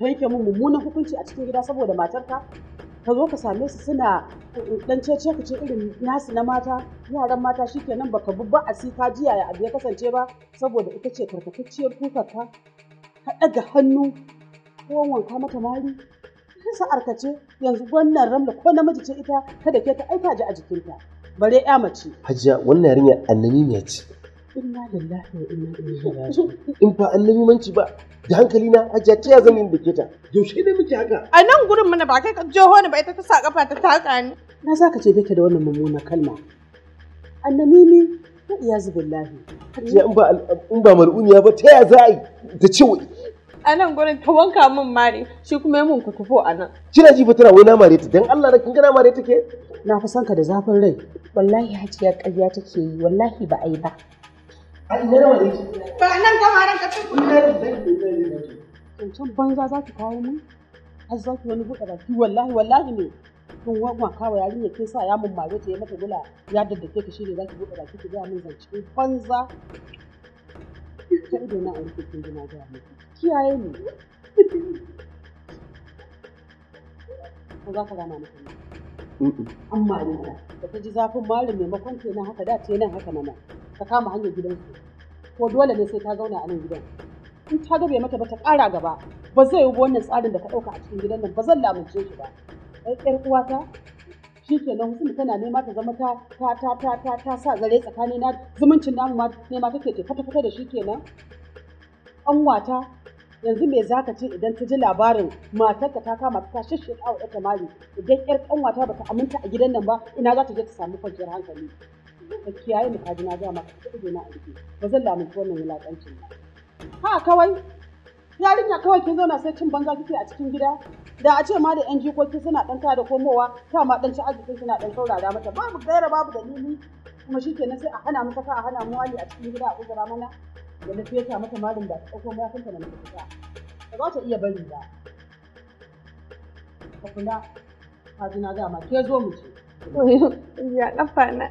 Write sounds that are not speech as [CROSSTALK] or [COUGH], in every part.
yanke mun mummunan hukunci a cikin gida saboda matarka ka zo ka same su suna dan eh, cece ku ce irin nasu na mata yaran mata shikenan baka bubba a sika jiya ya abu ya kasance ba saboda ita ce karkatacciyar kukarka ka ɗaga hannu ko wanka mata mari sa'ar ka yanzu wannan ramla ko namiji ce ita kada ke ta aika ji a jikinta bare ya mace hajiya wannan yarinya annani ne ce inna lillahi wa inna ilaihi raji'un in ba annabimanci ba da hankali na hajiya ta ya zama yin dake ta yaushe ne muke haka a nan gurin mana ba kai ka jeho ni ba ita ta sa kafa ta taka ni na za ka ce ta da wannan mummunan kalma annamimi wa iyazu billahi hajiya in ba in ba mar'uniya ba ta ya za a yi ta ce a nan gurin ta wanka min mare shi kuma mun ku tufo a nan kina ji tana wai na mare ta dan Allah na kin ga na mare take na fi son ka da zafin rai wallahi hajiya ƙarya take yi wallahi ba a yi ba a ina nawa ne ba nan kama ran ka tuku ina da zai can banza za ki kawo mu har za ki wani buɗe baki wallahi wallahi ne kin wagwa kawa yarinya kin sa ya mummare ta ya mata gula ya daddake ka shine za ki buɗe baki ki ga min zance banza ta ido na aure kin gina ga mu kiyaye ne. ko za ka gana maka amma ne da ji zafin malin maimakon kenan haka da ce nan haka na ka kama hanyar gidansu ko dole ne sai ta zauna a nan gidan in ta ga mata ba ta ƙara gaba ba zai yi wannan tsarin da ka ɗauka a cikin gidan nan ba zan lamunce shi ba ai ƴar uwata shi ke nan tana nema ta zama ta ta ta ta ta ta sa zare tsakanin na zumuncin namu ma nema take ta fata fata da shi kenan an wata yanzu me zaka ce idan ta ji labarin matarka ta kama ta shishe ta wa ta mari idan ƴar ƙanwata bata aminta a gidan nan ba ina za ta je ta samu kwanciyar hankali ka kiyaye mu kaji na ga maka ka ido na aiki ba zan lamunci wannan wulakancin ba ha kawai yarinya kawai kin zauna sai cin banza kike a cikin gida da a ce ma da yan jikoki suna ɗan da komowa ta ma dan ci arzikin suna ɗan saurara mata babu gaira babu dalili kuma shi shikenan sai a hana mu saka a hana mu wali a cikin gida a uzura mana da na fiye mata malin da ɗauko ya kanta na mutu ta ba za ta iya bari ba ka kula ka ji na ga ma ke zo mu ce ya kafa na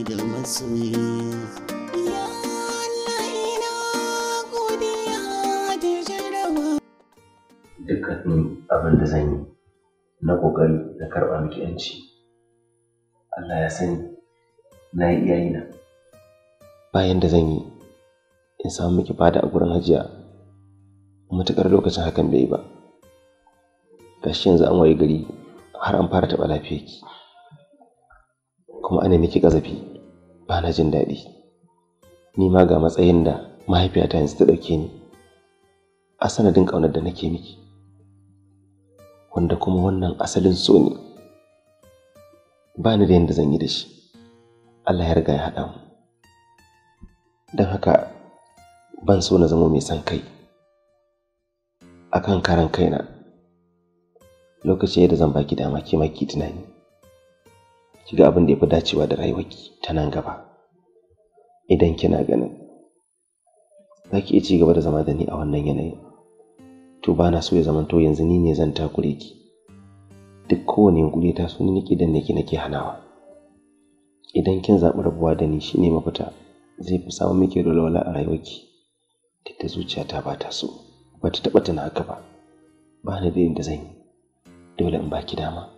ke da dukkanin abin da zan yi na ƙoƙari da karɓa miki yanci Allah ya sani na yi iyayi na bayan da zan yi in samu miki fada a gurin hajiya matuƙar lokacin hakan bai ba gashi yanzu an waye gari har an fara taɓa lafiyarki kuma ana miki ƙazafi ba na jin daɗi ni ma ga matsayin da mahaifiyata yanzu ta ɗauke ni a sanadin ƙaunar da nake miki wanda kuma wannan asalin so ne ba ni da yadda zan yi da shi Allah ya riga ya haɗa mu don haka ban so na zamo mai son kai A akan karan kaina lokaci da zan baki dama ke maki tunani ki abin da ya fi dacewa da rayuwarki ta nan gaba idan kina ganin za ki iya ci gaba da zama da ni a wannan yanayin to ba na so ya zamanto yanzu ni ne zan takure ki duk kowane yunƙuri ta so ni nake danne ki nake hanawa idan kin zaɓi rabuwa da ni shine mafita zai fi samun miki walwala a rayuwarki duk da zuciyata ba ta so ba ta taɓa tana haka ba ba ni da yadda zan yi dole in baki dama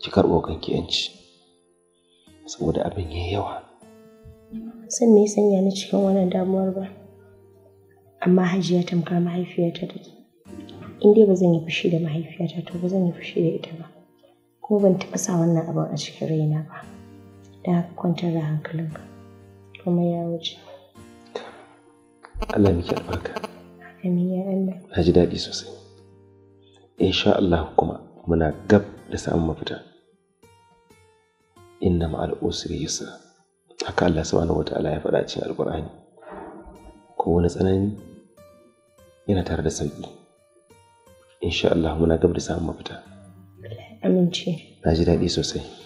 ki karɓo kanki 'yanci. saboda abin ya yawa san me sanya ni cikin wannan damuwar ba amma hajiya tamkar mahaifiyarta take in dai ba zan yi fushi da mahaifiyata to ba zan yi fushi da ita ba Ko ban taɓa sa wannan abin a cikin raina ba da kwantar da ka kuma ya wuce Allah miki albarka amin ya Allah na ji daɗi sosai insha Allah kuma muna gab da samun mafita inna ma'al usri yusra haka Allah subhanahu wata'ala ya faɗa cikin alkur'ani ko wani tsanani yana tare da sauƙi. insha Allah muna gab da samun mafita amince na ji daɗi sosai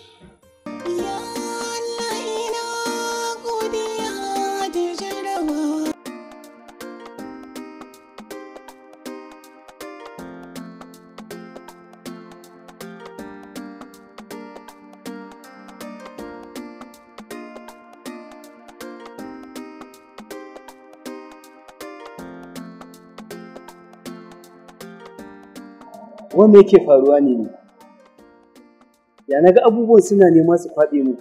wanda yake faruwa ne ne ya na ga abubuwan suna nema su faɗi mu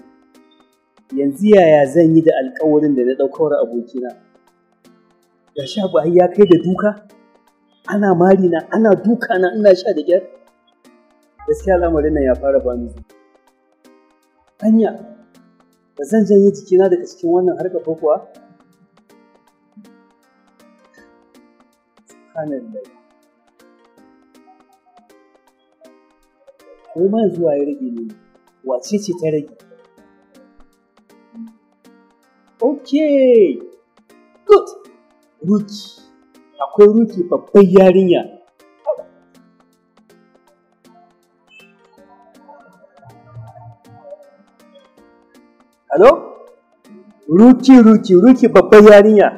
yanzu yaya zan yi da alkawarin da na ɗaukawar abokina Ya sha ba ya kai da duka ana mari na ana duka na ina sha da ƙyar gaskiya lamarin nan ya fara ba ni hanya ba zan janye jikina daga cikin wannan harkar ba kuwa subhanallah ko ma zuwa ya rage ne wace ce ta rage ok good ruki akwai ruki babban yarinya Hello? Ruki, ruki, ruki babban yarinya.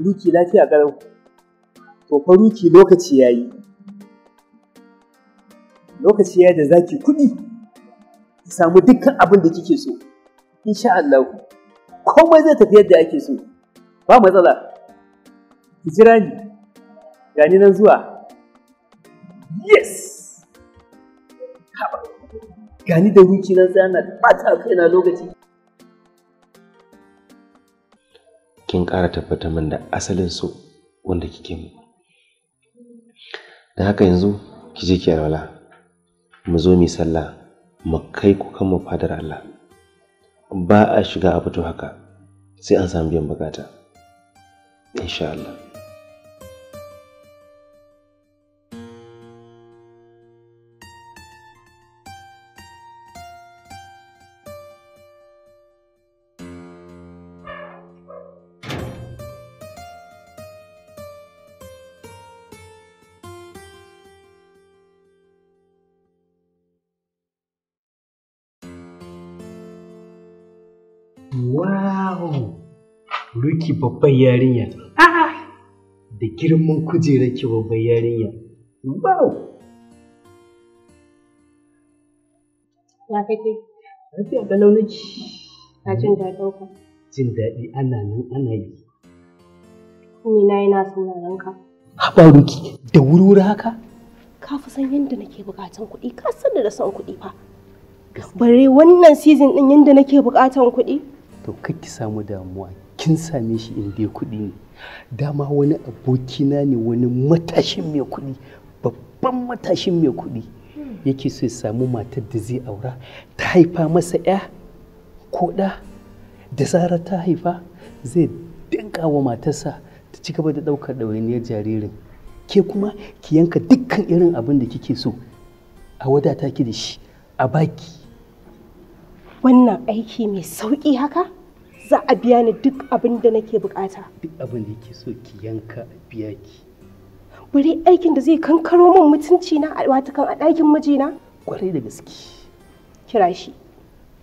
Ruki lafiya garau. To fa ruki lokaci yayi. lokaci ya da zaki kuɗi ki samu dukkan abin da kike so insha Allah komai zai tafi yadda ake so ba matsala ki jira ni gani nan zuwa yes haba gani da wuki nan sai ana ɓata kaina lokaci kin ƙara tabbatar min da asalin so wanda kike mu da haka yanzu ki je ki alwala mu zo mu sallah mu kai kukan mu fadar Allah ba a shiga a fito haka sai an samu biyan bukata insha Allah Wow! Ruki babban yarinya. Da girman kujerar ki babban yarinya. Wow! Ya kake? Lafiya ga launaki. Ka jin daɗin ka. Jin daɗi ana nan ana yi. Ni na yana sauraron ka. Haɓa Ruki da wuri-wuri haka? Ka fi san yadda nake buƙatan kuɗi, ka san da son kuɗi fa. Bare wannan season ɗin yadda nake buƙatan kuɗi. to ki samu damuwa kin same shi in dai kuɗi ne dama wani abokina ne wani matashin mai kuɗi babban matashin mai kuɗi yake so ya samu matar da zai aura ta haifa masa ya ko ɗa da zara ta haifa zai dinka wa matarsa ta ci gaba da ɗaukar ɗawainiyar jaririn ke kuma ki yanka dukkan irin abin da kike so a wadata ki da shi a baki wannan aiki mai sauƙi haka za a biya ni duk abin da nake bukata duk abin da yake so ki yanka a biya ki bari aikin da zai kankaro min mutunci na a watakan a ɗakin mijina kwarai da gaske kira shi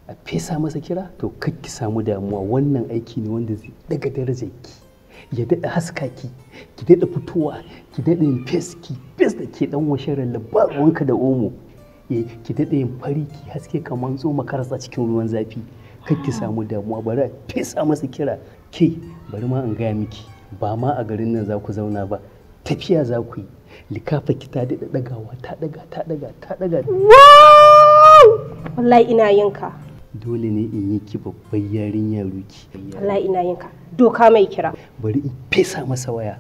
a fesa masa kira to ki samu damuwa wannan aiki ne wanda zai daga darajar ki ya daɗa haska ki ki daɗa fitowa ki daɗa yin fes ki fes da ke ɗan washe ralla ba wanka da omo Eh, ki daɗe yin fari ki haske kamar tso makarasa cikin ruwan zafi kar ki samu damuwa bari a fesa masa kira ke bari ma in gaya miki ba ma a garin nan za ku zauna ba tafiya za ku yi likafa ki ta daɗa ɗagawa ta ɗaga ta ɗaga ta ɗaga wallahi ina yinka dole ne in yi ki babbar yarinya ruki wallahi ina yinka doka mai kira bari in fesa masa waya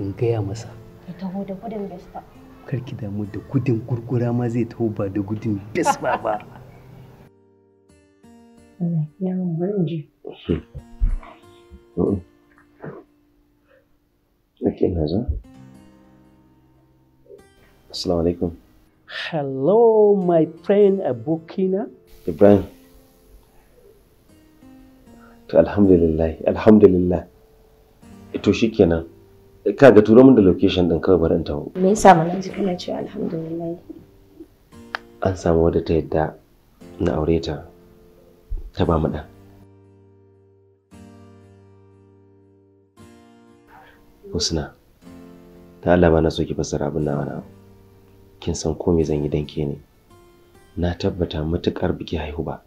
in gaya masa ya taho da gudun besta karki damu da gudun gurgura ma zai taho ba da gudun bisba ba uh-uh. Assalamu alaikum. Hello, my friend Abokina. Ibrahim. To alhamdulillah, alhamdulillah. Ito shi kenan. kaga turo min da location din kawai bari in taho me yasa mun ji kana cewa alhamdulillah an samu wadda ta yadda na aure ta ta ba mu da Husna ta Allah ba na so ki fassara abin nan kin san ko me zan yi danke ne na tabbata matukar biki haihu ba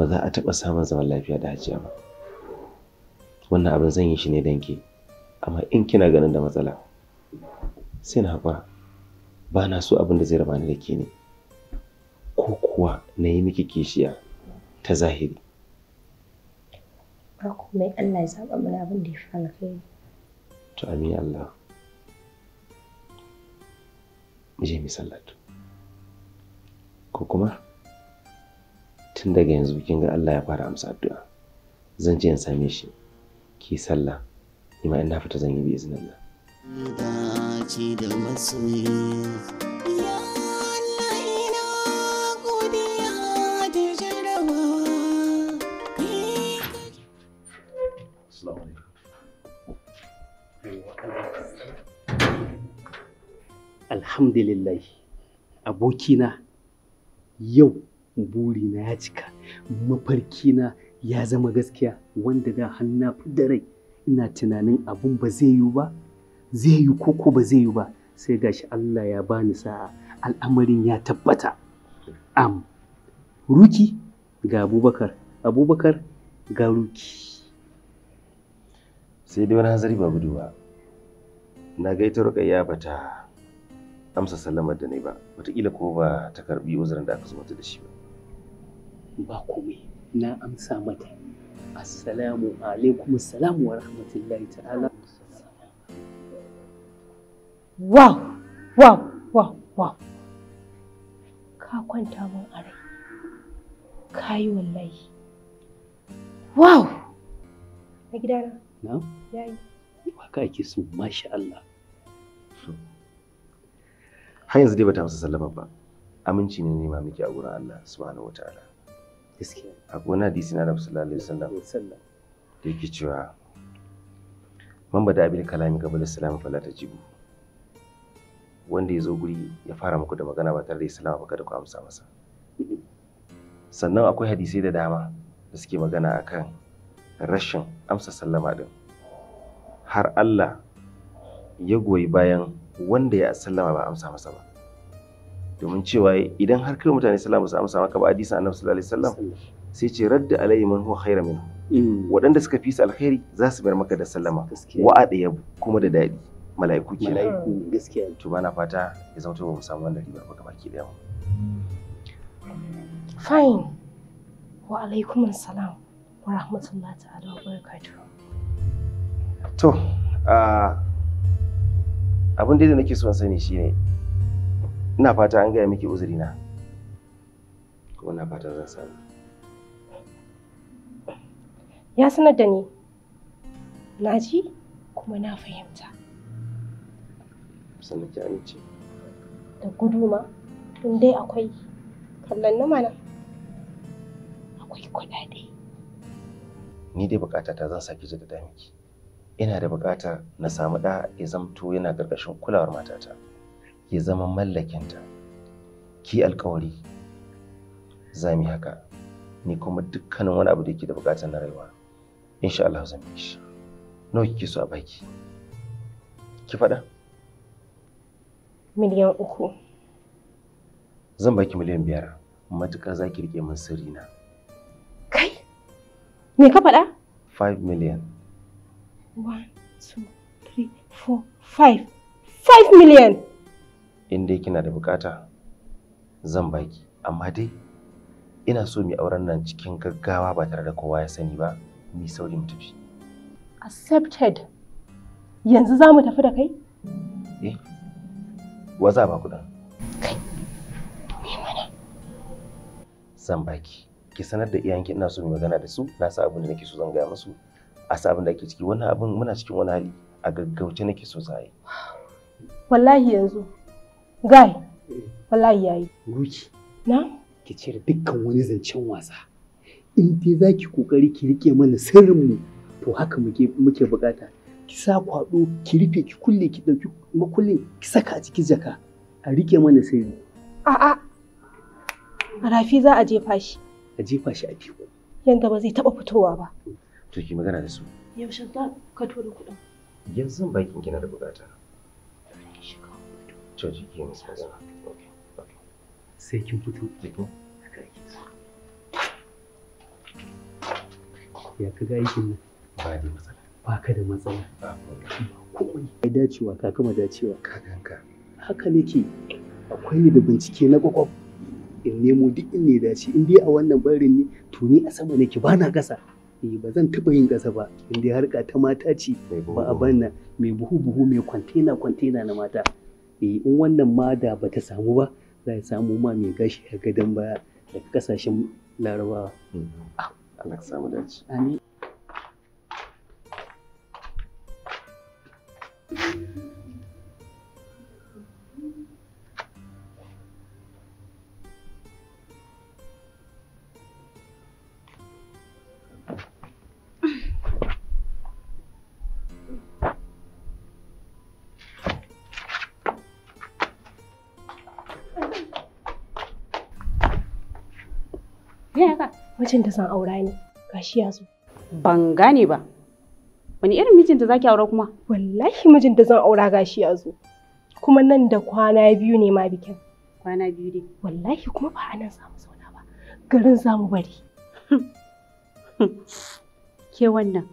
ba za a taɓa samun zaman lafiya da hajiya ba wannan abin zan yi shi ne danke amma in kina ganin da matsala sai na haƙura ba na so abin da zai raba ni da ke ne ko kuwa na yi miki kishiya ta zahiri ba komai Allah ya saba mana abin da ya fi alkhairi to amin Allah je mi sallatu ko kuma tun daga yanzu kin ga Allah ya fara amsa addu'a zan je in same shi ki sallah ni ma ina fita zan yi bi izinin Allah Alhamdulillah abokina yau burina ya cika mafarkina ya zama gaskiya wanda da hannu fi da rai ina tunanin abun ba zai yi ba zai yi koko ba zai yi ba sai gashi Allah ya bani sa'a al'amarin ya tabbata am ruki ga abubakar abubakar ga ruki sai dai wani hanzari ba gudu ba na ga ita rukayya ba ta amsa sallamar da ne ba wataƙila ko ba ta karbi uzurin da aka zo mata da shi ba ba komai na amsa mata assalamu alaikum assalamu wa rahmatullahi ta'ala wow wow wow wow ka kwanta mun are. rai wallahi wow na gidana na yayi Wa ka ake so masha Allah har yanzu dai bata masa sallama ba aminci ne ne ma miki a gurin Allah subhanahu wataala a akwai wani hadisi na Annabi sallallahu alaihi wasallam da yake cewa man bada abin kalami qabla salam fala wanda ya zo guri ya fara muku da magana ba tare da islam ba kada ku amsa masa [LAUGHS] sannan akwai hadisai da dama da suke magana akan rashin amsa sallama din har Allah ya goyi bayan wanda ya sallama ba amsa masa ba domin cewa idan har kai mutane sallallahu alaihi wasallam maka ba hadisin annabi sallallahu alaihi wasallam sai ce radda alaihi man huwa khairan minhu mm. waɗanda suka fi su alkhairi za su bar maka da sallama wa'ada yabu kuma da dadi mala'iku ke mala'iku gaskiya to bana fata ya zama ba mu samu wannan ribar ba gabaki daya fine wa alaikum assalam wa rahmatullahi ta'ala wa barakatuh to ah, abin da nake so in sani shine ina fata an gaya miki uzuri na ko ina fata zan samu ya sanar da ni na ji kuma na fahimta sannan ki amince da guduma tun dai akwai kallon na mana akwai kuɗaɗe ni dai bukata ta zan saki ji da miki ina da bukata na samu da ya zamto yana ƙarƙashin kulawar matata. ya zama mallakinta ki alkawari za mu haka ni kuma dukkanin wani abu da yake da bukatar na rayuwa insha Allah zan yi shi nawa kike so a baki ki fada miliyan uku zan baki miliyan biyar matukar za ki riƙe min sirri na kai me ka fada 5 million 1 2 3 4 5 5 million in dai kina da bukata zan baki amma dai ina so mu auren nan cikin gaggawa ba tare da kowa ya sani ba mu sauri mu tafi accepted yanzu za mu tafi da kai eh waza ba kudin kai mana zan baki ki sanar da iyayenki ina so mu magana da su na sa abin da nake so zan gaya musu a sa abin da ake ciki wannan abin muna cikin wani hali a gaggauce nake so zai yi wallahi yanzu guy. wallahi yayi. Ruki. Na? Ki cire dukkan wani zancen wasa. In dai za ki kokari ki rike mana sirrinmu to haka muke muke bukata. Ki sa kwado, ki rufe, ki kulle, ki dauki makullin, ki saka a cikin jaka. A rike mana sirri. A'a. A rafi za a jefa shi. A jefa shi a fiko. Yanda ba zai taba fitowa ba. To ki magana da su. Yaushe za ka tura kuɗin? Yanzu bakin kina da bukata. to ji ke musu magana sai kin fito fito ya ka ga aikin nan ba da matsala ba ka da matsala ba komai ai dacewa ka kama dacewa ka ganka haka nake akwai da bincike na kwakwaf in nemo duk in ne dace in dai a wannan barin ne to ni a sama nake ba na gasa eh ba zan taɓa yin ƙasa ba in dai harka ta mata ce ba a banna mai buhu buhu mai kwantena kwantena na mata Eh, in wannan ma da ta samu ba za a samu ma mai gashi a gadon baya daga kasashen larabawa mm-hmm. ah, ta yaka mijin da san aura ne gashi ya zo ban gane ba wani irin mijin da zaki aura kuma wallahi mijin da zan aura gashi ya zo kuma nan da kwana biyu ne ma bikin kwana biyu ne wallahi kuma ba anan samu zauna ba garin zamu bari [LAUGHS] ke wannan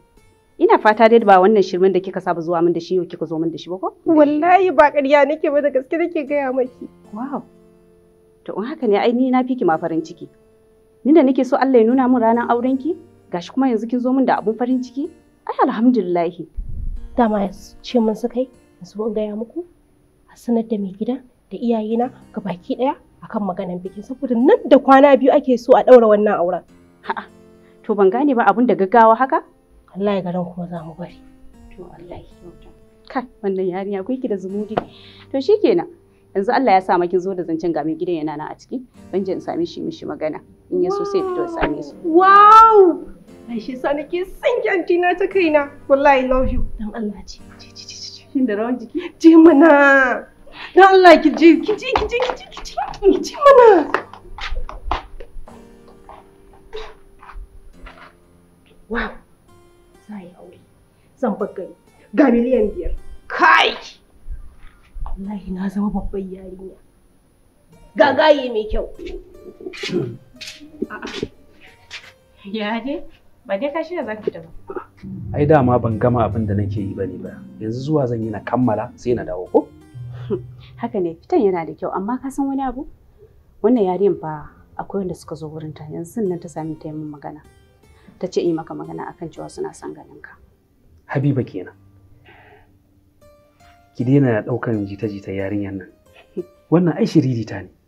ina fata dai ba wannan shirmin da kika saba zuwa min da shi yau kika zo min da shi ba ko wallahi ba ƙarya nake ba da gaske nake gaya maki wow to in haka ne ai ni na fiki ma farin ciki ni da nake so Allah ya nuna mun ranar auren ki gashi kuma yanzu kin zo min da abun farin ciki ai alhamdulillahi dama ce mun suka yi yanzu in gaya muku a sanar da mai gida da iyayena ga baki daya akan maganan bikin saboda nan da kwana biyu ake so a daura wannan auren ha'a to ban gane ba abun da gaggawa haka Allah ya garan kuma za mu bari to Allah ya kai wannan yarinya ku ki da zumudi to shikenan yanzu Allah ya sa makin zo da zancen ga mai gidan yana na a ciki ban je in same shi mishi magana in ya so sai fito same su wow ai shi sa nake son kyanti na ta kaina wallahi love you dan Allah ji kin da rawan jiki ji mana dan Allah ki ji ki ji ki ji ki ji ki ji Ji mana wow sai aure zan baggani ga miliyan biyar kai wallahi na zama babban yarinya gagaye mai kyau [CLEARS THROAT] Ya je? Ba dai ka shirya za ka fita ba. Ai dama ban gama abin da nake yi ne ba. Yanzu zuwa zan yi na kammala sai na dawo ko? Haka ne fitan yana da kyau amma ka san wani abu? Wannan yariyan fa akwai wanda suka zo wurin ta yanzu nan ta sami ta yi min magana. Ta ce yi maka magana akan cewa suna son ganin ka. Habiba kenan. Ki daina ɗaukan jita-jita yarinyar nan. Wannan ai shiririta ne.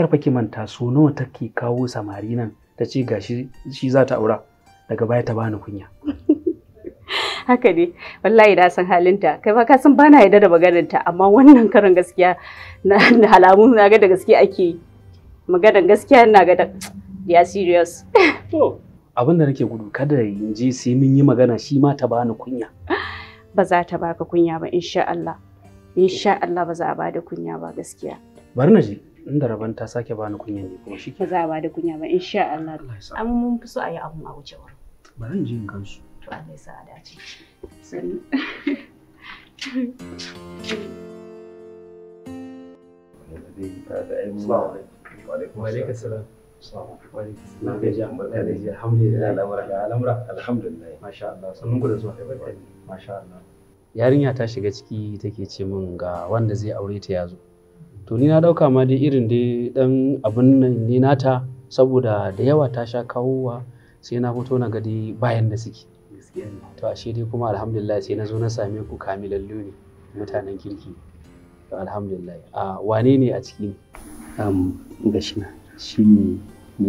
karfa ki manta so nawa take kawo samari nan ta ce gashi shi za ta aura daga baya ta bani kunya [LAUGHS] haka ne wallahi na san halinta kai ba ka san bana yadda da maganarta amma wannan karin gaskiya na halamu na ga da gaskiya ake yi maganar gaskiya na ga da ya serious to abin da nake gudu kada in je sai mun yi magana shi ma ta bani kunya [LAUGHS] ba za ta baka kunya ba insha Allah insha Allah ba za a bada kunya ba gaskiya bari na je inda rabon ta sake bani kunya ne kuma shi ke za a ba da kunya ba insha Allah amma mun fi so a yi abu a wuce wurin ba zan ji in kansu to Allah mai sa a dace yarinya ta shiga ciki take ce min ga wanda zai aure ta ya zo to ni na ɗauka ma dai irin dai ɗan abun nan ni nata saboda da yawa ta sha kawowa sai na fito na gadi bayan da suke to ashe dai kuma alhamdulillah sai na zo na same ku kamilan ne mutanen kirki to alhamdulillah a wane ne a ciki am gashina shine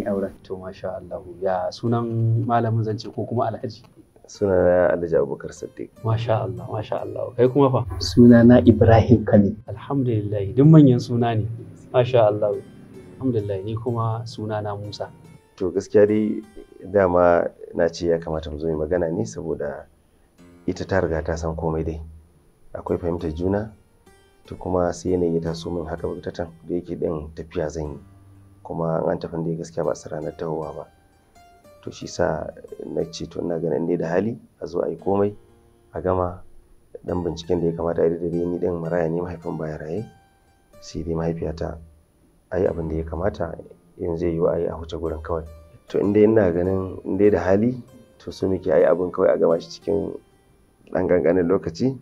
auren to masha Allah ya sunan malamin zance ko kuma alhaji Sunana Alhaji Abubakar Saddiq. Masha Allah, masha Allah. Kai kuma fa? Sunana Ibrahim Kani. Alhamdulillah, duk manyan suna ne. Masha Allah. Alhamdulillah, ni kuma sunana Musa. To gaskiya dai dama na ce ya kamata mu zo yi magana ne saboda ita ta riga ta san komai dai. Akwai fahimtar juna to kuma sai yanayi ta so min haka bakatatan da yake din tafiya zan yi. Kuma an tafi da gaskiya ba su ranar tahowa ba. to shi sa na ce to ina ganin ne da hali a zo a yi komai a gama dan binciken da ya kamata a da dai ni din maraya ne mahaifin baya raye sai dai mahaifiyata a yi abin da ya kamata yanzu zai yiwu a yi a huce gurin kawai to in dai ina ganin in da hali to so muke a yi abin kawai a gama shi cikin ɗan ƙanƙanin lokaci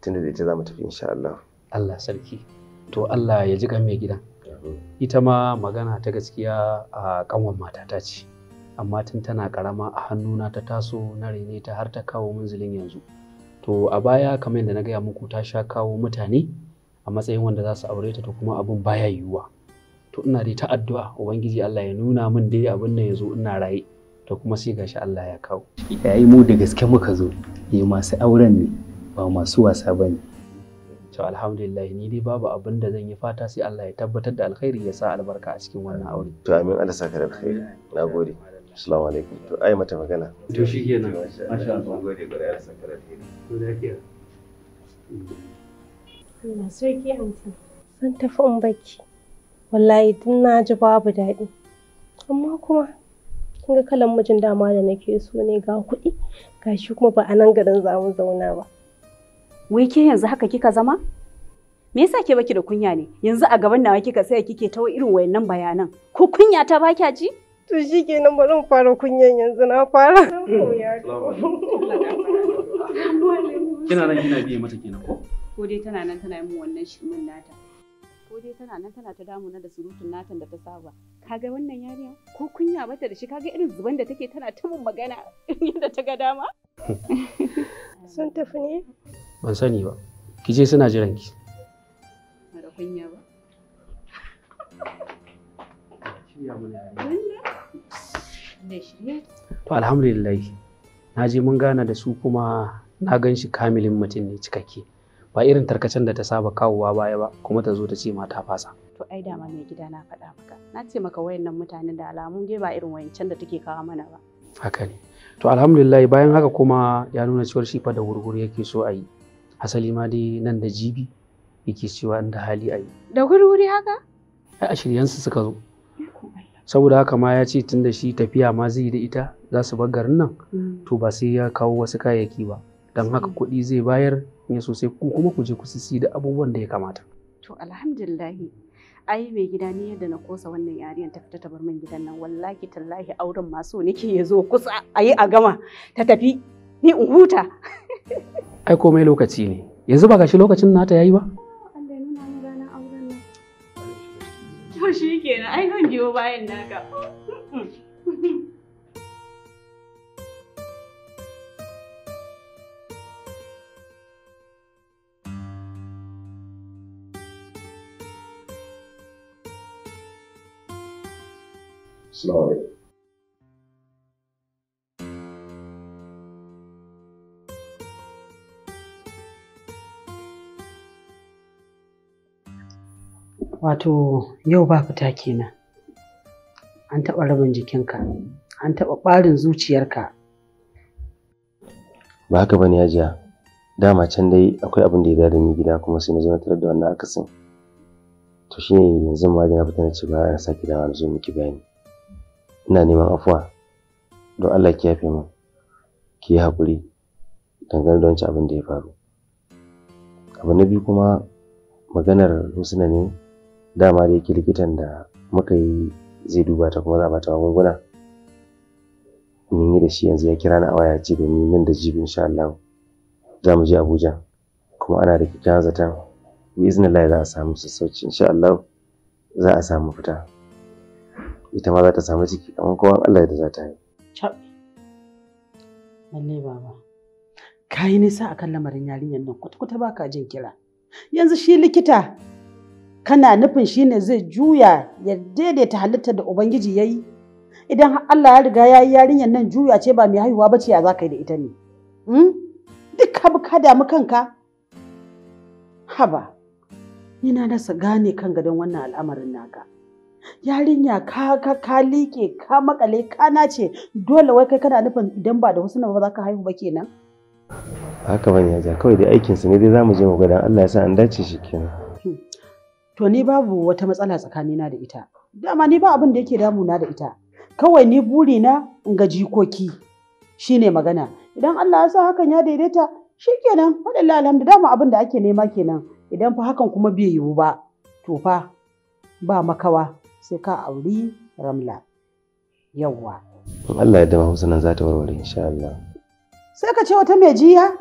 tunda da ita za mu tafi insha Allah. Allah sarki to Allah ya ji kan mai gida. ita ma magana ta gaskiya a ƙanwar matata ce amma tun tana karama a hannuna ta taso na rene ta har ta kawo munzulin yanzu to a baya kamar yadda na gaya muku ta sha kawo mutane a matsayin wanda za su aure ta to kuma abin baya yiwuwa to ina dai ta addu'a ubangiji Allah ya nuna min dai abin nan yazo ina raye to kuma sai gashi Allah ya kawo yayi mu da gaske muka zo eh masu auren ne ba masu wasa bane to alhamdulillah ni dai babu abin da zan yi fata sai Allah ya tabbatar da alkhairi ya sa albarka a cikin wannan aure to amin Allah saka da alkhairi nagode Assalamu alaikum. To ai mata magana. To shi Masha Allah. gode ya saka ke. To lafiya. Allah sarki anti. Zan tafi in baki. Wallahi din na ji babu daɗi. Amma kuma kin ga kalan mijin dama da nake so ne ga kuɗi gashi kuma ba a nan garin za mu zauna ba. Wai ke yanzu haka kika zama? Me yasa ke baki da kunya ne? Yanzu a gaban nawa kika saya kike ta irin wayannan bayanan. Ko kunya ta baki ji? To shi ke nan bari mu fara kunyan yanzu na fara. Kina nan kina biye mata kenan ko? Ko dai tana nan tana yin wannan shirmin nata. Ko dai tana nan tana ta damuna da surutun natan da ta saba. Kaga wannan yariya? ko kunya bata da shi kaga irin zuban da take tana ta mun magana yadda ta ga dama. Sun tafi ne? Ban sani ba. Ki je suna jiran ki. da kunya ba. Shirya da shi? To alhamdulillah na je mun gana da su kuma na gan shi kamilin mutum ne cikakke ba irin tarkacen da ta saba kawowa baya ba kuma ta zo ta ce ma ta fasa. To ai dama mai gida na faɗa maka na ce maka wayannan mutanen da alamun dai ba irin wayancan da take kawo mana ba. Haka ne. To alhamdulillah bayan haka kuma ya nuna cewar shi fa da wurwuri yake so a yi. Asali ma dai nan da jibi yake cewa inda hali a yi. Da wurwuri haka? Ai a shiryansu suka zo. saboda haka ma ya ce tun da shi tafiya ma zai da ita za su bar garin nan mm. to ba sai ya kawo wasu kayayyaki ba don haka mm. kuɗi zai bayar ya sosai ku kuma ku je ku sisi da abubuwan da ya kamata to alhamdulillahi ai mai gida ne yadda na kosa wannan yariyan ta fita ta bar min gidan nan wallahi tallahi auren masu nake ya zo kusa a yi a gama ta tafi ni in huta [LAUGHS] ai komai lokaci ne yanzu ba gashi lokacin nata yayi ba 不是一件，哎，我牛掰的那个。Slowly. Wato yau ba fita kenan. An taɓa rabin jikinka, an taɓa ɓarin zuciyarka. Ba haka ba ya jiya. Dama can dai akwai abin da ya dada ni gida kuma sai na zo na da wannan akasin. To shi ne yanzu ma da na fita na ce ba na sake dawa na zo miki bayani. Ina neman afuwa. Don Allah ki yafe min. Ki yi haƙuri dangane da wancan abin da ya faru. Abu na biyu kuma maganar Husna ne dama da yake likitan da muka yi zai duba ta kuma za ba ta magunguna mun yi da shi yanzu ya kira ni a waya ce da ni nan da jibi insha Allah za mu je Abuja kuma ana da kyakkyawan zaton bi iznillahi za a samu sassauci insha Allah za a samu fita ita ma za ta samu ciki amma kowa Allah da za ta yi lalle baba ka yi nisa akan lamarin yarinyar nan kwata-kwata ba ka jin kira yanzu shi likita kana nufin shine zai juya ya daidaita halittar da ubangiji ya yi idan Allah ya riga ya yi yarinyar nan juya ce ba mai haihuwa ba ce ya za ka yi da ita ne hmm? duk abu ka damu kanka haba ni na rasa gane kan gadon wannan al'amarin naka yarinya ka ka ka liƙe ka makale ka ce, dole wai kai kana nufin idan ba da na ba za ka haihu ba kenan haka ban ya ja kawai dai aikinsa ne dai zamu je mu gwada, Allah ya sa an dace shi kenan to ni babu wata matsala tsakanina da ita dama ni ba abin da yake damuna da ita kawai ni buri na in ga jikoki shine magana idan Allah ya sa hakan ya daidaita shikenan wallahi alhamdu dama abin da ake nema kenan idan fa hakan kuma bai yiwu ba to fa ba makawa sai ka auri ramla yawwa Allah ya dama Hausa za ta warware insha Allah sai ka ce wata mai jiya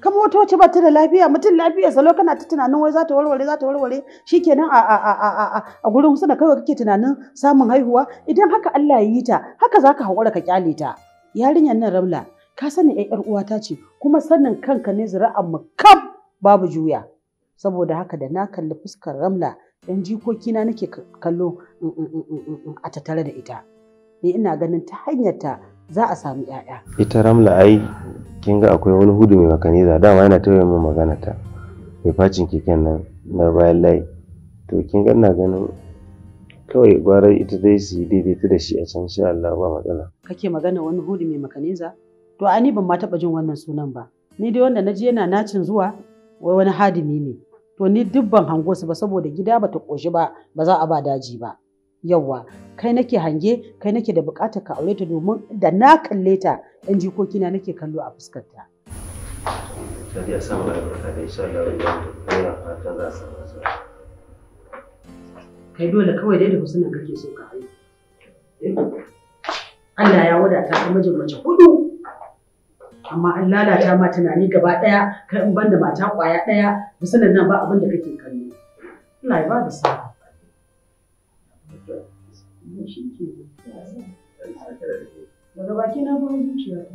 ka motoci ba ta da lafiya mutum lafiya salo kana ta tunanin wai za ta warware za ta warware shikenan a a a a a a gurin suna kawai kake tunanin samun haihuwa idan haka Allah ya yi ta haka zaka haƙura ka kyale ta yarinyar nan Ramla ka sani ai yar uwata ce kuma sanin kanka ne zira'an mu kam babu juya saboda haka da na kalli fuskar Ramla dan na nake kallo mm, mm, mm, a tattare da ita ni ina ganin ta hanyar ta za a samu 'ya'ya. Ita Ramla ai kin ga akwai wani hudu mai makaniza dama yana taya min magana ta mai facin keken nan na bayan layi to kin ga ina ganin kawai gwara ita dai su yi daidaita da shi a can sha Allah ba matsala. Kake magana wani hudu mai makaniza? To a ni ban ma taɓa jin wannan sunan ba. Ni dai wanda na ji yana nacin zuwa wai wani hadimi ne. To ni dubban ban hango su ba saboda gida bata ƙoshi ba ba za a ba daji ba. Yawwa kai nake hange kai nake da bukatar ka aure ta domin da na kalle ta jikoki jikokina nake kallo a fuskar ta. Kai dole kawai dai da husnan kake so ka aure. Eh? Allah ya wadata ta mijin mace hudu. Amma an lalata ma tunani gaba ɗaya kai in banda mata kwaya ɗaya husnan nan ba abin da kake kallo. Allah ya ba da sa'a. da shi ke daga baki na gurin zuciya ta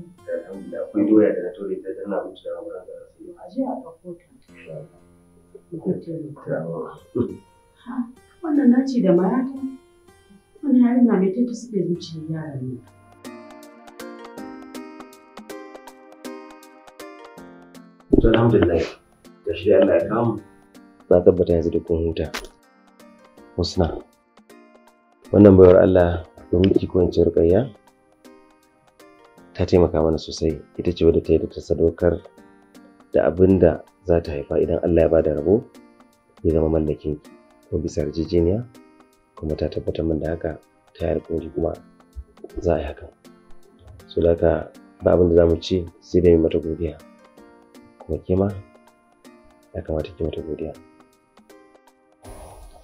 akwai doya da na tore ta tana wucewa wurin da rasu a je a ɗauko ta wannan naci da mayata wani na mai taita suke zuciyar yaran ne to alhamdulillah da shi Allah ya kamu na tabbata yanzu da kun huta husna wannan bayar Allah domin ikon rukayya ta taimaka mana sosai ita ce wadda ta yi da ta sadaukar da abin da za ta haifa idan Allah ya ba da rabo ya zama mallakin ko bisa yarjejeniya kuma ta tabbatar min da haka ta yi alƙawari kuma za a yi hakan so da haka ba abin da za mu ce sai da yi mata godiya kuma ke ma ya kamata ki mata godiya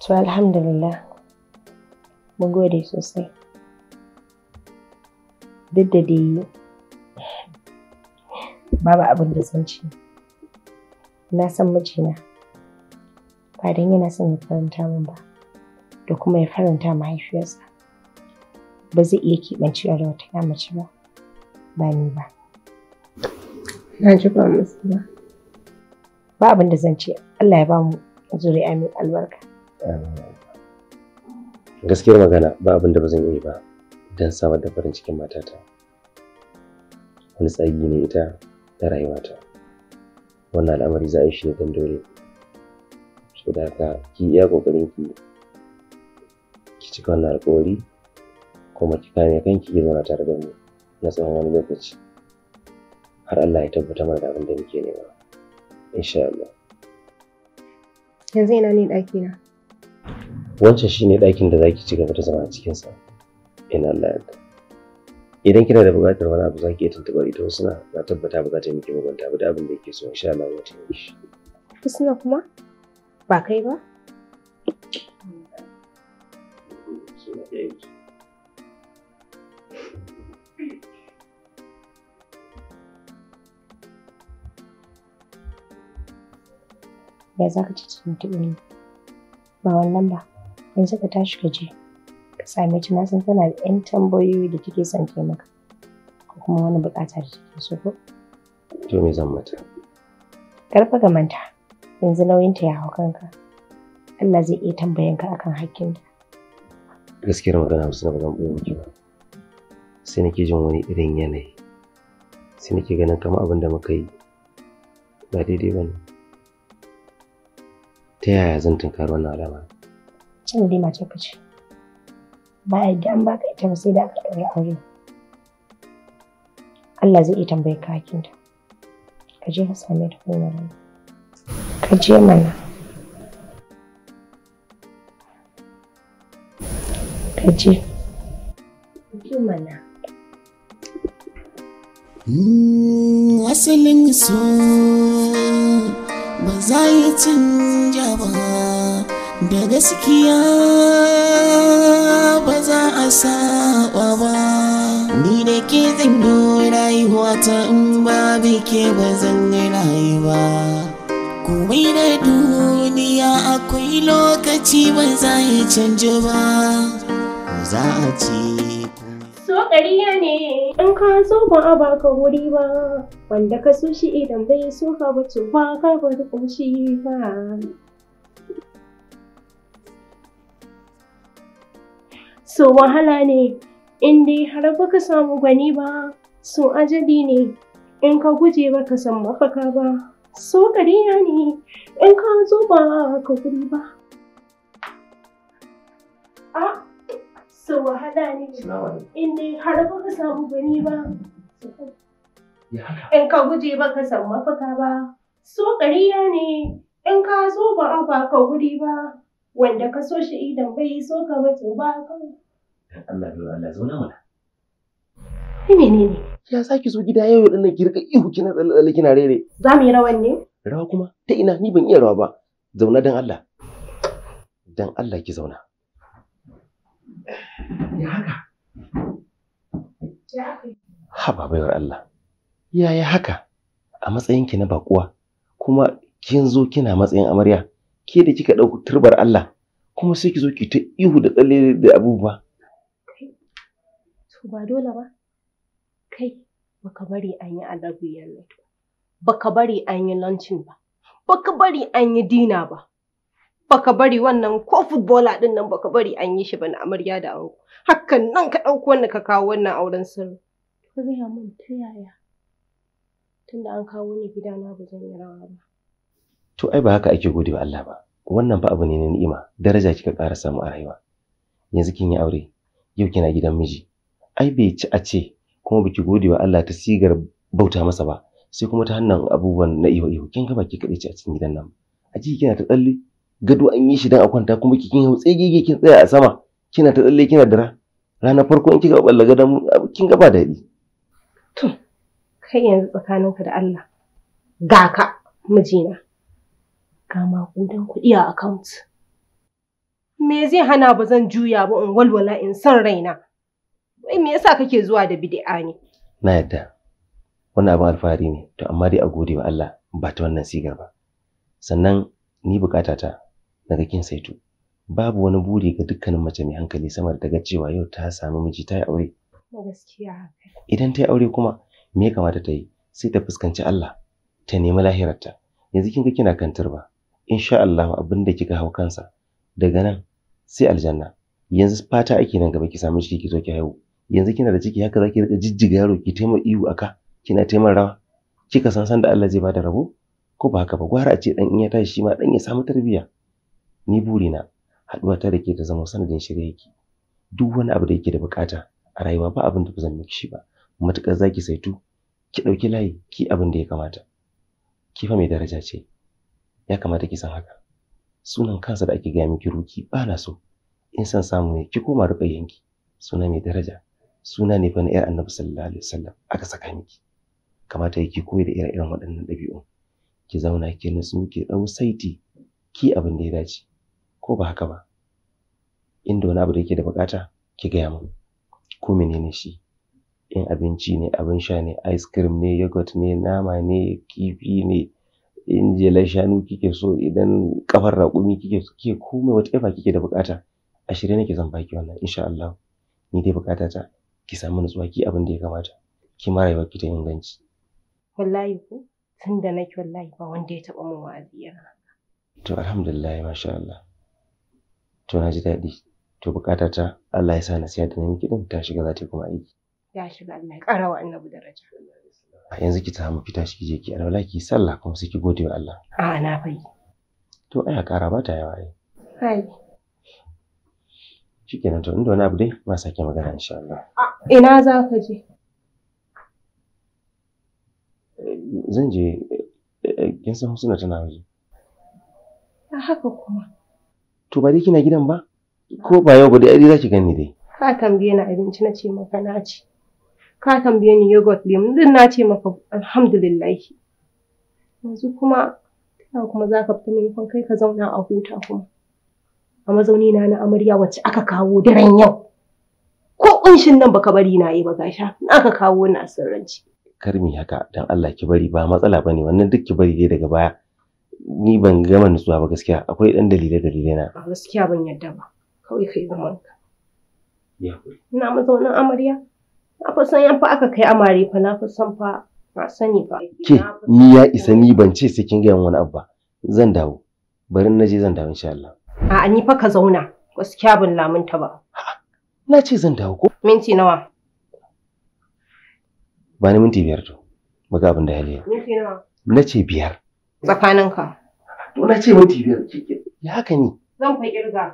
to alhamdulillah Mun gode sosai. Duk da dai babu abin da zan ci. Na san mijina. Ba don yana son ya faranta min ba, da kuma ya faranta mahaifiyarsa. Ba zai iya keɓancewa da wata ya mace ba, ba ni ba. Na ji ba musu ba. Ba abin da zan ce, Allah ya ba mu zuri'a mai albarka. gaskiyar magana ba abin da ba zan iya ba don samar da farin cikin matata wani tsagi ne ita da rayuwata wannan al'amari za a yi shi ne don dole so da haka ki iya kokarin ki ki cika wannan alƙawari kuma ki kame kanki ki zauna tare da mu na tsawon wani lokaci har Allah ya tabbata mana da abin da muke nema insha Allah yanzu ina ne ɗakina wancan shine ɗakin da zaki ci gaba da zama a cikinsa in Allah yarda idan kina da buƙatar wani abu zaki iya tuntuɓar ita wasu na tabbata ba za ta miki mugunta ba da abin da yake so insha Allah za ta yi shi Husna kuma ba kai ba Ya za ka ci tuntuɓe ba wannan ba. yanzu ka tashi ka je ka same ta sun tana da 'yan tambayoyi da kike son kai maka ko kuma wani bukata da kike so ko to me zan mata karfa ga manta yanzu nauyin ta ya hau kanka Allah zai iya tambayan ka akan hakkin ka gaskiyar magana na bazan ɓoye miki ba sai nake jin wani irin yanayi sai nake ganin kama abin da muka yi ba daidai ba ne ta yaya zan tunkari wannan alama? cin dai mace ka ce ba yadda an baka ita ba sai da aka ɗaure aure Allah zai iya tambayi ka hakinta ka je ka same ta ko mana ka je mana ka je ka je mana hmm, asalin su ba za yi canja ba da gaskiya ba za a saba ba ni da ke zan yi rayuwa ta in ba bai ke ba zan yi rayuwa. komai da duniya akwai lokaci ba za ya canji ba za a ce so ne in ka so ba a baka wuri ba wanda ka so shi idan bai so ka ba to ba ka ba shi ba so wahala ne in dai har baka samu gwani ba so ajali ne in ka guje ba ka san mafaka ba so kariya ne in ka zo ba ka guri ba ah, so wahala ne in dai har baka samu gwani ba in ka guje ba ka san mafaka ba so kariya ne in ka zo ba ba ka guri ba wanda ka so shi idan bai so ka ba to ba ka dan Allah ya Allah zauna mana ni ne. ya saki zo gida yau din nan ki rika ihu kina tsalle kina rere za mu yi rawan ne rawa kuma ta ina ni ban iya rawa ba zauna dan Allah dan Allah ki zauna ya haka ya haka ha babayar Allah yaya haka a matsayinki na bakuwa kuma kin zo kina matsayin amarya ke da kika ɗauki turbar Allah kuma sai ki zo ki ta ihu da tsalle da abubuwa. To ba dole ba, kai baka bari an yi alabiyar ba, baka bari an yi lancin ba, baka bari an yi dina ba, baka bari wannan ko footballer ɗin nan baka bari an yi shi ba na amarya da ango. Hakan nan ka ɗauko wannan ka kawo wannan auren sirri. Ka gaya min ta yaya? Tunda an kawo ni gidana ba zan yi rawa ba. to ai ba haka ake gode wa Allah ba wannan fa abu ne na ni'ima daraja kika ƙara samu a rayuwa yanzu kin yi aure yau kina gidan miji ai bai ci a ce kuma biki gode wa Allah ta sigar bauta masa ba sai kuma ta hannun abubuwan na iyo iyo kin ga baki kaɗai ci a cikin gidan nan a ji kina ta tsalle gado an yi shi dan a kwanta kuma ki kin hau gege kin tsaya a sama kina ta tsalle kina dira ranar farko in kika balla gadon kin ga ba daɗi to kai yanzu tsakaninka da Allah ga ka mijina ga maƙudan kuɗi a account. Me zai hana ba zan juya ba in walwala in san raina? Wai me yasa kake zuwa da bid'a ne? Na yadda. Wannan abin alfahari ne, to amma dai a gode wa Allah ba ta wannan sigar ba. Sannan ni bukatata na ga kin saito. Babu wani buri ga dukkanin mace mai hankali sama da daga cewa yau ta samu miji ta yi aure. Gaskiya. Idan ta yi aure kuma me ya kamata ta yi? Sai ta fuskanci Allah ta nemi lahirarta. Yanzu kin ga kina kantar ba. insha Allah abin da kika hau kansa daga nan sai aljanna yanzu fata ake nan gaba ki samu ciki ki zo ki haihu yanzu kina da ciki haka zaki rika jijjiga yaro ki taima iwu aka kina taima rawa kika san san da Allah zai bada rabo ko ba haka ba gwara a ce dan in ya tashi shi ma dan ya samu tarbiyya ni burina haduwa ta da ke ta zama sanadin shirye ki duk wani abu da yake da bukata a rayuwa ba abin da ba zan miki shi ba matukar zaki saitu ki dauki layi ki abin da ya kamata Kifa mai daraja ce ya kamata ki san haka sunan kansa da ake gaya miki ruki ba na so in san samu ne ki koma ki suna mai daraja suna ne fa na 'yar annabi sallallahu alaihi wasallam aka saka miki kamata yake koyi da irin irin waɗannan ɗabi'u ki zauna ki nutsu ki ɗau saiti ki abin da ya dace ko ba haka ba inda wani abu da yake da bukata ki gaya mu ko menene shi in abinci ne abin sha ne ice cream ne yogurt ne nama ne kifi ne in jelar shanu kike so idan kafar raƙumi kike so kike komai wata ƙafa kike da bukata a shirye nake zan baki wannan insha Allah ni dai bukata ta ki samu nutsuwa ki abin da ya kamata ki ma rayuwar ki ta inganci wallahi ko tun da nake wallahi ba wanda ya taba min wa'azi yana to alhamdulillah masha Allah to na ji daɗi to buƙata ta Allah ya sa na siya da nake din ta shiga za ta kuma aiki ya shiga Allah ya ƙara wa annabi daraja a yanzu ki samu fita shi je ki alwala ki sallah kuma sai ki gode wa Allah a na fa to aya kara ba ta yawa ai hai shikenan to inda wani abu dai ma sake magana insha Allah ina za ka je zan je eh, eh, kin san Husna tana waje A haka kuma to ba dai kina gidan ba ko ba yau ba dai ai za ki gani dai ka tambaye ni abinci na ce maka na ci ka tambaye ni yogurt lemu din na ce maka alhamdulillah yanzu kuma ta kuma za ka fita maimakon kai ka zauna a huta kuma a mazauni na na amarya wacce aka kawo daren yau ko kunshin nan baka bari na yi ba gasha Na aka kawo na sirranci karmi haka dan Allah ki bari ba matsala bane wannan duk ki bari dai daga baya ni ban gama nutsuwa ba gaskiya akwai dan dalile dalile na gaskiya ban yadda ba kawai kai zaman ka ya ina mazaunin amarya Na san yan fa aka kai amare fa na fa san fa ba sani ba. Ke ni ya isa ni ban ce sai kin gaya wani abu ba. Zan dawo. Bari na je zan dawo insha Allah. A'a ni fa ka zauna. Gaskiya bin lamunta ba. Na ce zan dawo ko? Minti nawa? Ba ni minti biyar to. Muga abin da hali. Minti nawa? Na ce biyar. Tsakaninka. To na ce minti biyar. Ya haka ni. Zan fa kirga.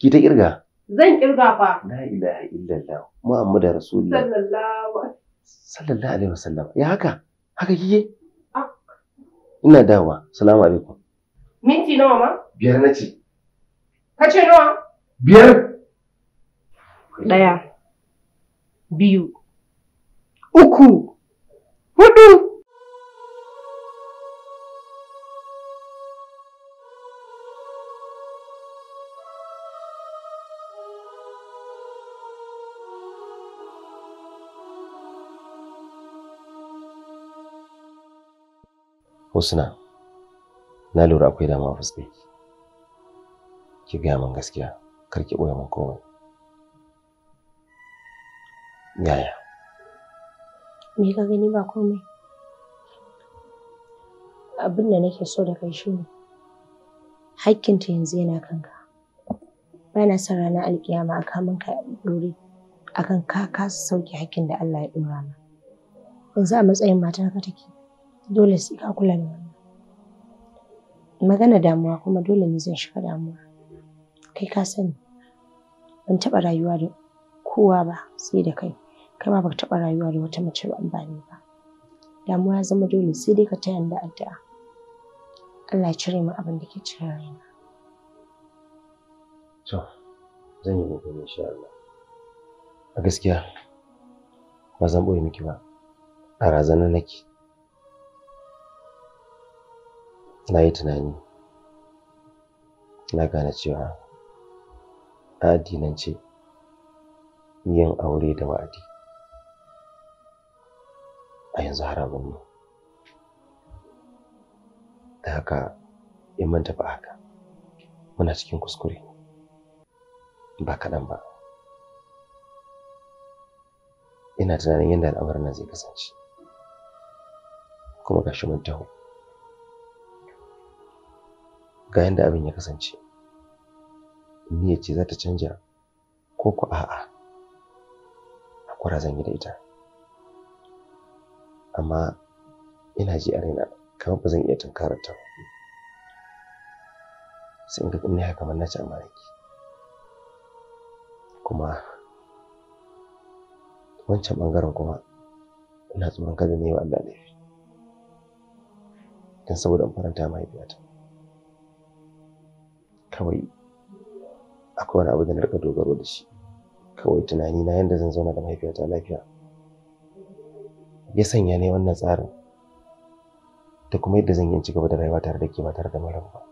Ki ta kirga. Zan kirga fa. La ilaha illallah Muhammadu Rasulullah. Sallallahu Sallallahu alaihi wasallam. Ya haka? Haka kike? Ah. Ina dawa, Salamu alaikum. Minti nawa ma? Biyar na ce. Ka ce nawa? Biyar. Daya. Biyu. Uku. Hudu. husna na lura akwai damuwa fuske ki gaya min gaskiya kar ki ɓoye min komai yaya me ka gani ba komai abin da nake so da kai shi ne ta yanzu yana kanka Bana son ranar alkiyama a kamun ka ɗore akan ka kasa sauke hakkin da Allah ya ɗora ma yanzu a matsayin matar ka take dole sai ka kula da wannan. Magana damuwa kuma dole ne zan shiga damuwa. Kai ka sani, ban taɓa rayuwa da kowa ba sai da kai, kai ma baka taɓa rayuwa da wata mace ba ba ni ba. Damuwa ya zama dole sai dai ka taya ni da addu'a. Allah ya cire min abin da ke cikin raina. To, zan yi gobe insha Allah. A gaskiya, ba zan ɓoye miki ba, a razana nake. na yi tunani na gane cewa a addinance yin aure da wa'adi a yanzu haramun ne da haka in mun tafi haka muna cikin kuskure ba kaɗan ba ina tunanin yadda al'amarin nan zai kasance kuma gashi mun taho ga yanda abin ya kasance niyyar ce za ta canja ko ku a'a hakura zan yi da ita amma ina ji a raina kamar ba zan iya tunkarar ta sai in ga in haka kamar na ci amana ki kuma wancan bangaren kuma ina tsoron kada ne wa Allah laifi don saboda in faranta mahaifiyata kawai akwai wani abu da na rika dogaro da shi kawai tunani na yadda zan zauna da mahaifiyata lafiya ya sanya ne wannan tsarin da kuma yadda zan yi ci gaba da rayuwa tare da ke ba tare da malam ba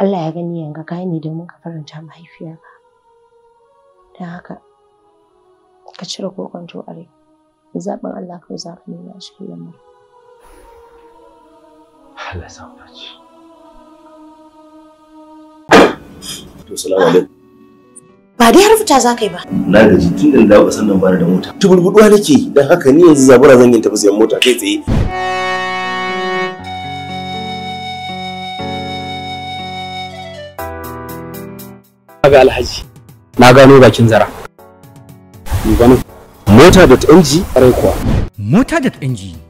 Allah ya gani yanga ka ne domin ka faranta mahaifiyarka don haka ka cire kokonto a rai zaɓin Allah kawai za ka nuna a cikin Allah ya salamu alaikum ba dai har fita za ka yi ba na gaji tun da dawo kasan nan bara da mota tuburbuduwa nake dan haka ni yanzu zabura zan yin tafi sayan mota kai tsaye ga alhaji na gano bakin zara mota.ng rai kuwa Mota mota.ng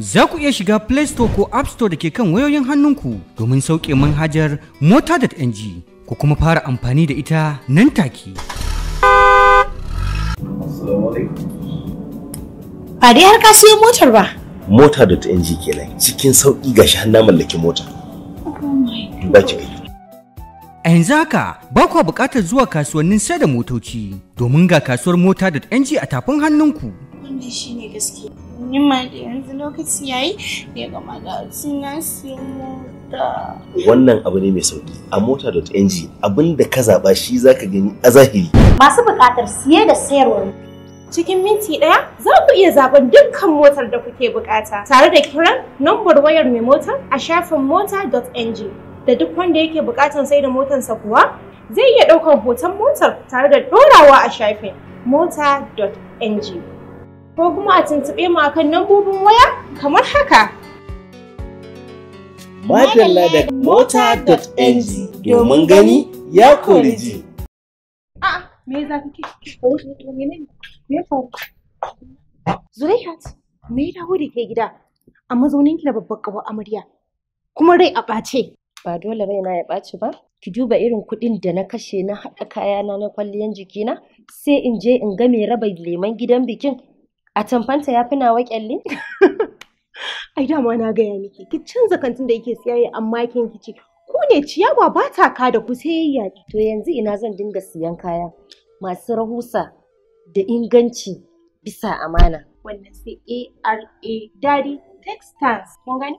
za ku iya shiga Play Store ko App Store da ke kan wayoyin hannunku domin sauƙe manhajar mota.ng ku kuma fara amfani da ita nan take. Ba dai har ka siyo motar ba. Mota.ng kenan cikin sauƙi ga shi na mallaki mota. Duba ki gani. A yanzu haka ba kwa buƙatar zuwa kasuwannin sai da motoci domin ga kasuwar mota.ng a tafin hannunku. Wannan shine gaskiya. nima da yanzu lokaci yayi da ya gama da na siyo mota wannan abu ne mai sauki a mota.ng abinda ka zaba shi ka gani a zahiri masu buƙatar siye da sayarwa cikin minti ɗaya za ku iya zaben dukkan motar da kuke buƙata, tare da kiran nambar wayar mai motar a shafin mota.ng da duk wanda yake bukatar sai da motarsa kuwa zai iya ɗaukar hoton motar tare da ɗorawa a shafin mota.ng ko kuma a tuntuɓe mu akan lambobin waya kamar haka. Madalla da mota.ng domin gani ya kori ji. A'a, me za ka ke? Me faru? Zulaihat, me ya dawo da ke gida a mazauninki da babbar kawo amarya kuma rai a ɓace. Ba dole raina ya ɓaci ba, ki duba irin kuɗin da na kashe na haɗa kayana na kwalliyan jikina sai in je in ga mai raba leman gidan bikin a atamfanta ya fi nawa kyalle [LAUGHS] ai dama na gaya miki ki canza kantin da yake siyayya amma kin kici ku ne ciyawa ba ta ka da ku sai to yanzu ina zan dinga siyan kaya masu rahusa da inganci bisa amana wannan sai ARA Daddy Textiles kun gani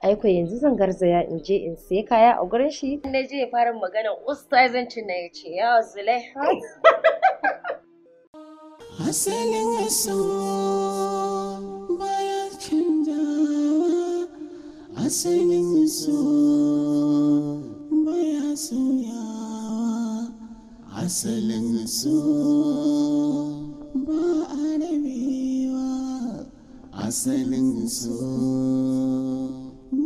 aiko yanzu zan garzaya in je in siya kaya a gurin shi na je fara magana ustazancin na ya ce ya zule [LAUGHS] asalin so baya canjawa asalin so baya soyawa asalin so ba a rabewa asalin so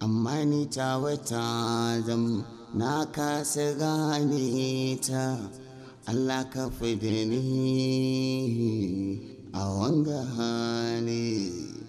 amma ni ta wata zam na kasa gane ta Allah ka fi da ni a wanga hali.